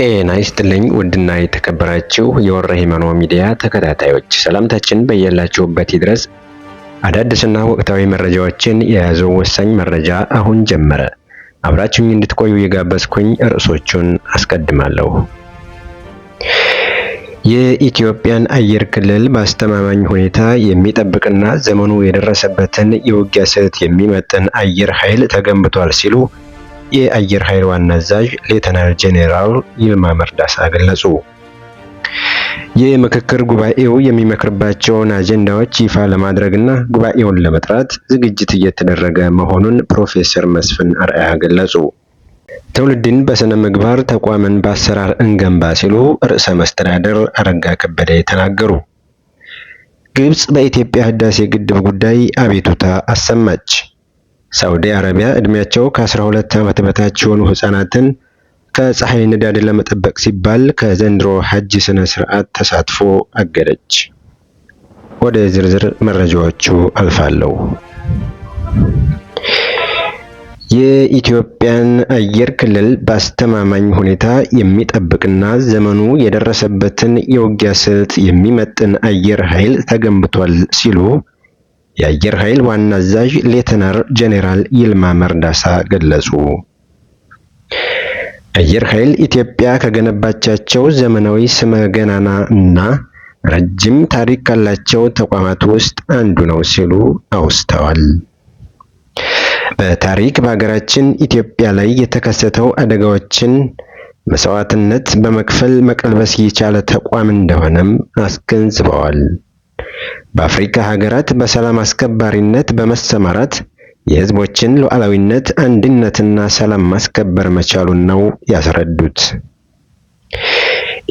ጤና ይስጥልኝ ውድና የተከበራችሁ የወረ ሂመኖ ሚዲያ ተከታታዮች ሰላምታችን በየላችሁበት ይድረስ። አዳዲስና ወቅታዊ መረጃዎችን የያዘው ወሳኝ መረጃ አሁን ጀመረ። አብራችሁኝ እንድትቆዩ የጋበዝኩኝ ርዕሶቹን አስቀድማለሁ። የኢትዮጵያን አየር ክልል በአስተማማኝ ሁኔታ የሚጠብቅና ዘመኑ የደረሰበትን የውጊያ ስልት የሚመጥን አየር ኃይል ተገንብቷል ሲሉ የአየር ኃይል ዋና አዛዥ ሌተናል ጄኔራል ይልማ መርዳሳ ገለጹ። የምክክር ጉባኤው የሚመክርባቸውን አጀንዳዎች ይፋ ለማድረግና ጉባኤውን ለመጥራት ዝግጅት እየተደረገ መሆኑን ፕሮፌሰር መስፍን አርአያ ገለጹ። ትውልድን በስነ ምግባር ተቋምን በአሰራር እንገንባ ሲሉ ርዕሰ መስተዳደር አረጋ ከበደ ተናገሩ። ግብጽ በኢትዮጵያ ህዳሴ ግድብ ጉዳይ አቤቱታ አሰማች። ሳዑዲ አረቢያ እድሜያቸው ከ12 ዓመት በታች የሆኑ ህጻናትን ከፀሐይ ንዳድን ለመጠበቅ ሲባል ከዘንድሮ ሐጅ ስነ ስርዓት ተሳትፎ አገደች። ወደ ዝርዝር መረጃዎቹ አልፋለሁ። የኢትዮጵያን አየር ክልል በአስተማማኝ ሁኔታ የሚጠብቅና ዘመኑ የደረሰበትን የውጊያ ስልት የሚመጥን አየር ኃይል ተገንብቷል ሲሉ የአየር ኃይል ዋና አዛዥ ሌተናር ጄኔራል ይልማ መርዳሳ ገለጹ። አየር ኃይል ኢትዮጵያ ከገነባቻቸው ዘመናዊ ስመ ገናና እና ረጅም ታሪክ ካላቸው ተቋማት ውስጥ አንዱ ነው ሲሉ አውስተዋል። በታሪክ በሀገራችን ኢትዮጵያ ላይ የተከሰተው አደጋዎችን መስዋዕትነት በመክፈል መቀልበስ የቻለ ተቋም እንደሆነም አስገንዝበዋል። በአፍሪካ ሀገራት በሰላም አስከባሪነት በመሰማራት የሕዝቦችን ሉዓላዊነት፣ አንድነትና ሰላም ማስከበር መቻሉን ነው ያስረዱት።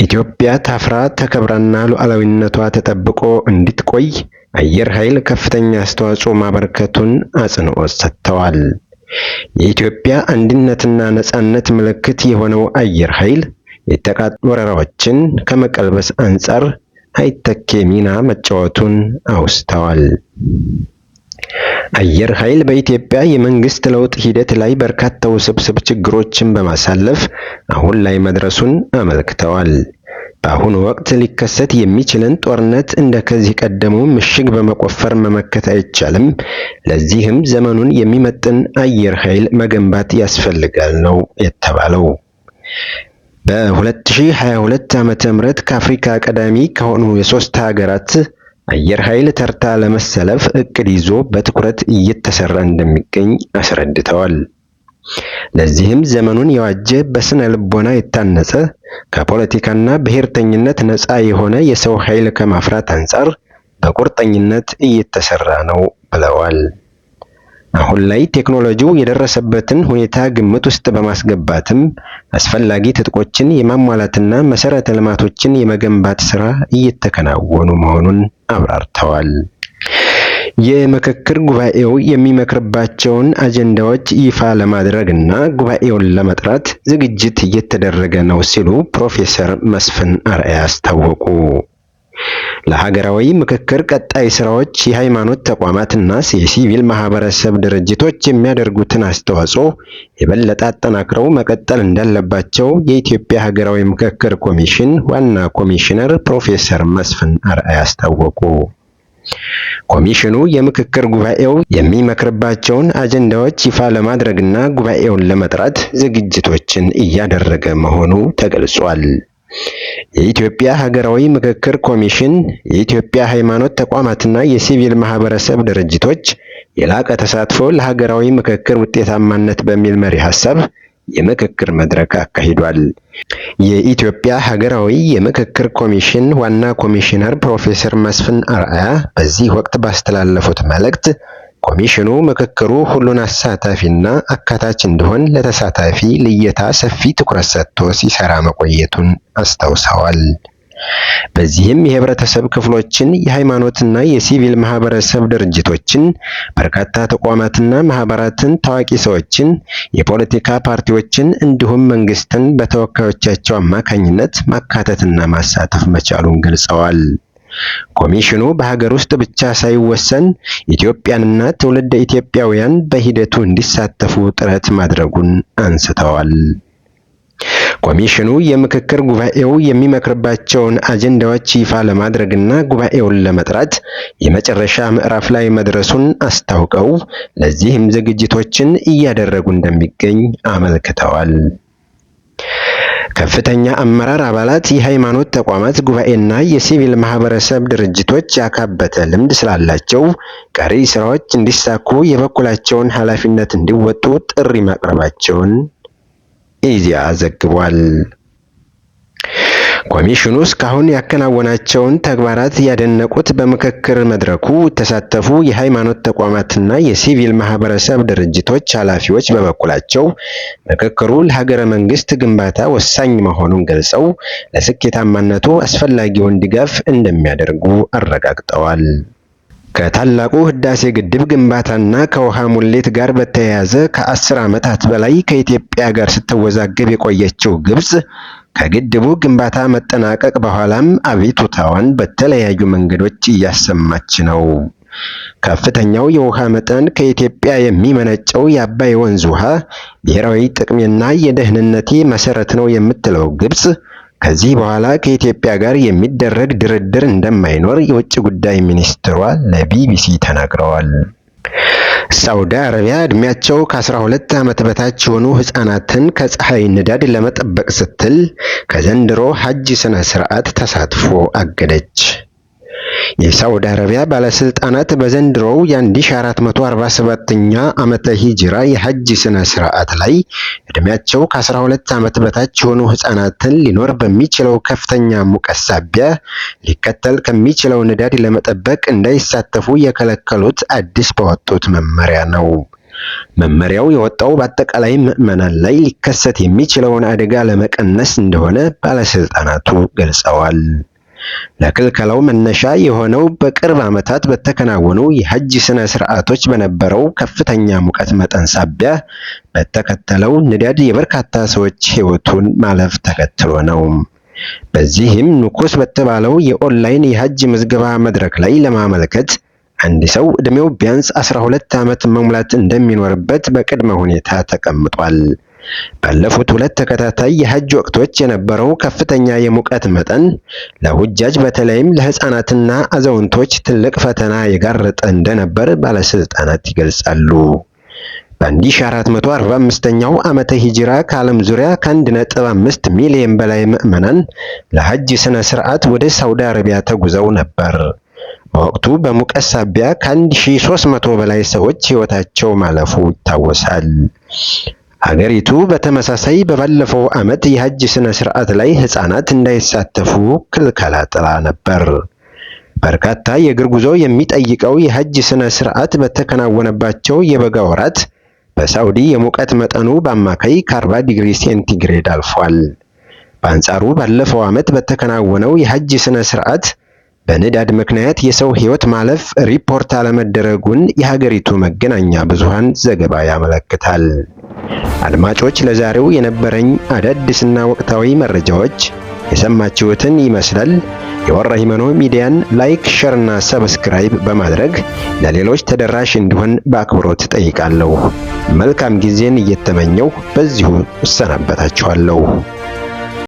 ኢትዮጵያ ታፍራ ተከብራና ሉዓላዊነቷ ተጠብቆ እንድትቆይ አየር ኃይል ከፍተኛ አስተዋጽኦ ማበረከቱን አጽንዖት ሰጥተዋል። የኢትዮጵያ አንድነትና ነጻነት ምልክት የሆነው አየር ኃይል የጥቃት ወረራዎችን ከመቀልበስ አንጻር አይተኬ ሚና መጫወቱን አውስተዋል። አየር ኃይል በኢትዮጵያ የመንግስት ለውጥ ሂደት ላይ በርካታ ውስብስብ ችግሮችን በማሳለፍ አሁን ላይ መድረሱን አመልክተዋል። በአሁኑ ወቅት ሊከሰት የሚችልን ጦርነት እንደ ከዚህ ቀደሙ ምሽግ በመቆፈር መመከት አይቻልም። ለዚህም ዘመኑን የሚመጥን አየር ኃይል መገንባት ያስፈልጋል ነው የተባለው። በ2022 ዓ ም ከአፍሪካ ቀዳሚ ከሆኑ የሶስት ሀገራት አየር ኃይል ተርታ ለመሰለፍ እቅድ ይዞ በትኩረት እየተሰራ እንደሚገኝ አስረድተዋል። ለዚህም ዘመኑን የዋጀ በስነ ልቦና የታነጸ ከፖለቲካና ብሔርተኝነት ነፃ የሆነ የሰው ኃይል ከማፍራት አንጻር በቁርጠኝነት እየተሰራ ነው ብለዋል። አሁን ላይ ቴክኖሎጂው የደረሰበትን ሁኔታ ግምት ውስጥ በማስገባትም አስፈላጊ ትጥቆችን የማሟላትና መሰረተ ልማቶችን የመገንባት ስራ እየተከናወኑ መሆኑን አብራርተዋል። የምክክር ጉባኤው የሚመክርባቸውን አጀንዳዎች ይፋ ለማድረግና ጉባኤውን ለመጥራት ዝግጅት እየተደረገ ነው ሲሉ ፕሮፌሰር መስፍን አርአያ አስታወቁ። ለሀገራዊ ምክክር ቀጣይ ስራዎች የሃይማኖት ተቋማትና የሲቪል ማህበረሰብ ድርጅቶች የሚያደርጉትን አስተዋጽኦ የበለጠ አጠናክረው መቀጠል እንዳለባቸው የኢትዮጵያ ሀገራዊ ምክክር ኮሚሽን ዋና ኮሚሽነር ፕሮፌሰር መስፍን አርአይ አስታወቁ። ኮሚሽኑ የምክክር ጉባኤው የሚመክርባቸውን አጀንዳዎች ይፋ ለማድረግና ጉባኤውን ለመጥራት ዝግጅቶችን እያደረገ መሆኑ ተገልጿል። የኢትዮጵያ ሀገራዊ ምክክር ኮሚሽን የኢትዮጵያ ሃይማኖት ተቋማትና የሲቪል ማህበረሰብ ድርጅቶች የላቀ ተሳትፎ ለሀገራዊ ምክክር ውጤታማነት በሚል መሪ ሀሳብ የምክክር መድረክ አካሂዷል። የኢትዮጵያ ሀገራዊ የምክክር ኮሚሽን ዋና ኮሚሽነር ፕሮፌሰር መስፍን አርአያ በዚህ ወቅት ባስተላለፉት መልእክት ኮሚሽኑ ምክክሩ ሁሉን አሳታፊና አካታች እንዲሆን ለተሳታፊ ልየታ ሰፊ ትኩረት ሰጥቶ ሲሰራ መቆየቱን አስታውሰዋል። በዚህም የህብረተሰብ ክፍሎችን የሃይማኖትና የሲቪል ማህበረሰብ ድርጅቶችን፣ በርካታ ተቋማትና ማህበራትን፣ ታዋቂ ሰዎችን፣ የፖለቲካ ፓርቲዎችን እንዲሁም መንግስትን በተወካዮቻቸው አማካኝነት ማካተትና ማሳተፍ መቻሉን ገልጸዋል። ኮሚሽኑ በሀገር ውስጥ ብቻ ሳይወሰን ኢትዮጵያንና ትውልደ ኢትዮጵያውያን በሂደቱ እንዲሳተፉ ጥረት ማድረጉን አንስተዋል። ኮሚሽኑ የምክክር ጉባኤው የሚመክርባቸውን አጀንዳዎች ይፋ ለማድረግና ጉባኤውን ለመጥራት የመጨረሻ ምዕራፍ ላይ መድረሱን አስታውቀው ለዚህም ዝግጅቶችን እያደረጉ እንደሚገኝ አመልክተዋል። ከፍተኛ አመራር አባላት፣ የሃይማኖት ተቋማት ጉባኤና የሲቪል ማህበረሰብ ድርጅቶች ያካበተ ልምድ ስላላቸው ቀሪ ስራዎች እንዲሳኩ የበኩላቸውን ኃላፊነት እንዲወጡ ጥሪ ማቅረባቸውን ኢዜአ ዘግቧል። ኮሚሽኑ እስካሁን ያከናወናቸውን ተግባራት ያደነቁት በምክክር መድረኩ የተሳተፉ የሃይማኖት ተቋማትና የሲቪል ማህበረሰብ ድርጅቶች ኃላፊዎች በበኩላቸው ምክክሩ ለሀገረ መንግስት ግንባታ ወሳኝ መሆኑን ገልጸው ለስኬታማነቱ አስፈላጊውን ድጋፍ እንደሚያደርጉ አረጋግጠዋል። ከታላቁ ህዳሴ ግድብ ግንባታና ከውሃ ሙሌት ጋር በተያያዘ ከአስር ዓመታት በላይ ከኢትዮጵያ ጋር ስትወዛገብ የቆየችው ግብጽ ከግድቡ ግንባታ መጠናቀቅ በኋላም አቤቱታዋን በተለያዩ መንገዶች እያሰማች ነው። ከፍተኛው የውሃ መጠን ከኢትዮጵያ የሚመነጨው የአባይ ወንዝ ውሃ ብሔራዊ ጥቅሜና የደህንነቴ መሰረት ነው የምትለው ግብፅ ከዚህ በኋላ ከኢትዮጵያ ጋር የሚደረግ ድርድር እንደማይኖር የውጭ ጉዳይ ሚኒስትሯ ለቢቢሲ ተናግረዋል። ሳውዲ አረቢያ እድሜያቸው ከ12 ዓመት በታች የሆኑ ህፃናትን ከፀሐይ ንዳድ ለመጠበቅ ስትል ከዘንድሮ ሐጅ ስነ ስርዓት ተሳትፎ አገደች። የሳዑዲ አረቢያ ባለስልጣናት በዘንድሮው የ1447ኛ ዓመተ ሂጅራ የሐጅ ስነ ስርዓት ላይ ዕድሜያቸው ከ12 ዓመት በታች የሆኑ ሕፃናትን ሊኖር በሚችለው ከፍተኛ ሙቀት ሳቢያ ሊከተል ከሚችለው ንዳድ ለመጠበቅ እንዳይሳተፉ የከለከሉት አዲስ በወጡት መመሪያ ነው። መመሪያው የወጣው በአጠቃላይ ምዕመናን ላይ ሊከሰት የሚችለውን አደጋ ለመቀነስ እንደሆነ ባለስልጣናቱ ገልጸዋል። ለክልከላው መነሻ የሆነው በቅርብ ዓመታት በተከናወኑ የሐጅ ሥነ ሥርዓቶች በነበረው ከፍተኛ ሙቀት መጠን ሳቢያ በተከተለው ንዳድ የበርካታ ሰዎች ሕይወቱን ማለፍ ተከትሎ ነው። በዚህም ንኩስ በተባለው የኦንላይን የሐጅ ምዝገባ መድረክ ላይ ለማመልከት አንድ ሰው ዕድሜው ቢያንስ 12 ዓመት መሙላት እንደሚኖርበት በቅድመ ሁኔታ ተቀምጧል። ባለፉት ሁለት ተከታታይ የሐጅ ወቅቶች የነበረው ከፍተኛ የሙቀት መጠን ለሁጃጅ በተለይም ለሕፃናትና አዛውንቶች ትልቅ ፈተና የጋረጠ እንደነበር ባለስልጣናት ይገልጻሉ። በአንድ ሺ ኛው ዓመተ ሂጅራ ከዓለም ዙሪያ ከአንድ ነጥብ አምስት ሚሊዮን በላይ ምዕመናን ለሐጅ ሥነ ሥርዓት ወደ ሳውዲ አረቢያ ተጉዘው ነበር። በወቅቱ በሙቀት ሳቢያ ከ ሺ በላይ ሰዎች ሕይወታቸው ማለፉ ይታወሳል። ሀገሪቱ በተመሳሳይ በባለፈው ዓመት የሐጅ ሥነ ሥርዓት ላይ ህፃናት እንዳይሳተፉ ክልከላ ጥላ ነበር። በርካታ የእግር ጉዞ የሚጠይቀው የሐጅ ስነ ስርዓት በተከናወነባቸው የበጋ ወራት በሳውዲ የሙቀት መጠኑ በአማካይ ከ40 ዲግሪ ሴንቲግሬድ አልፏል። በአንጻሩ ባለፈው ዓመት በተከናወነው የሐጅ ስነ ስርዓት ። በንዳድ ምክንያት የሰው ሕይወት ማለፍ ሪፖርት አለመደረጉን የሀገሪቱ መገናኛ ብዙሃን ዘገባ ያመለክታል። አድማጮች፣ ለዛሬው የነበረኝ አዳዲስና ወቅታዊ መረጃዎች የሰማችሁትን ይመስላል። የወረ ሂመኖ ሚዲያን ላይክ፣ ሸርና ሰብስክራይብ በማድረግ ለሌሎች ተደራሽ እንዲሆን በአክብሮት ጠይቃለሁ። መልካም ጊዜን እየተመኘው በዚሁ እሰናበታችኋለሁ።